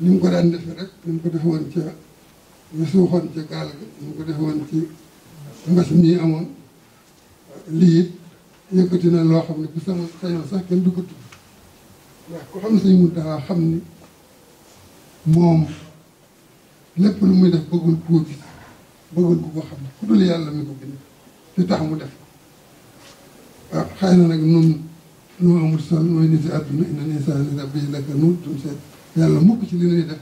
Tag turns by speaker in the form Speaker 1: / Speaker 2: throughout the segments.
Speaker 1: ni mu ko daan defee rek li mu ko defe woon ca ñu suuxoon ca gaal ga mu ko defe woon ci mbas mii amoon lii it yëkkati na loo xam ne bu sama sañoon sax kenn du ko tudd ndax ku xam sëñ Muntaxa xam ni moom lépp lu muy def bëggul ku ko bëggul ku ko xam ne ku dul yàlla mi ko bind di tax mu def ko waaw xëy na nag nun nu amul sol mooy nit si àdduna inna insaana li rabbih seet yàlla mukk ci li nuy def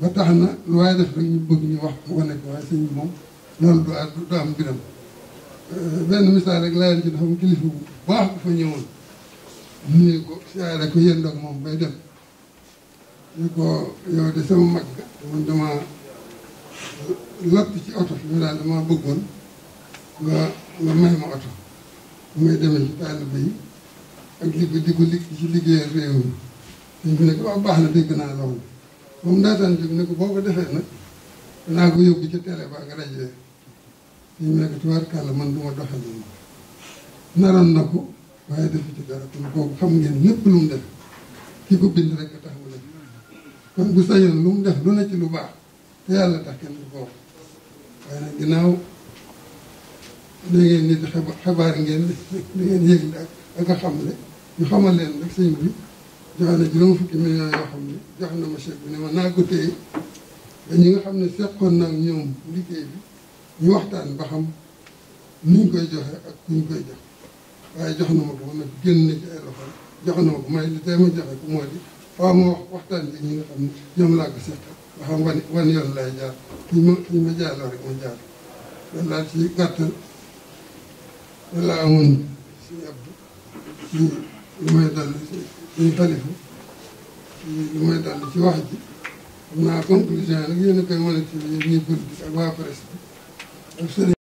Speaker 1: ba tax na lu waaye def rek ñu bëgg ñu wax wane ko waaye sëñ bi moom loolu du am du euh, benn misaal rek laa leen ci dafa am kilifa bu baax bu fa ñëwoon nuyu ko siyaare ko yéen doog moom bay dem ñu ko yow de sama mag man dama lott ci oto fi daal dama bëggoon nga nga may ma oto bu may demee ci taalibe yi ak li di ko lig ci liggéeyal réew mi sëñ bi ne ko waaw ah, baax na dégg naa loolu boo ko defee nag ko yóbbu ca télé ba nga man du ma na ko waaye defu ci dara kon kooku xam ngeen lu mu def ko bind rek tax mu
Speaker 2: def lu
Speaker 1: mu def lu ne ci baax te yàlla tax kenn du ko waaye nag ginnaaw da ngeen nit xabaar ngeen da ngeen yëgle ak ak a xamle ñu xamal leen rek sëñ bi joxe na juróom fukki millions yoo jox na ma chèque bi ne ma naa ko téye ba ñi nga xam ne seqoon naa ñoom liggéey bi ñu waxtaan ba xam ni ñu koy joxe ak ku ñu koy jox waaye jox na ma ko nag génn jox na ma ko may li tey ma joxe ko moo di faa ma wax waxtaan bi ñi nga xam ne ñoom laa ko seqal ba xam wan wan yoon laay jaar fuñ ma fuñ ma jaarloo rek ma jaar loolu ci gàttal loolu laa si ab lu may dolli suñu talifu lu may dolli ci wax ji xam naa conclusion nag yéen a koy mën a ci ñi gurdi ak waa presse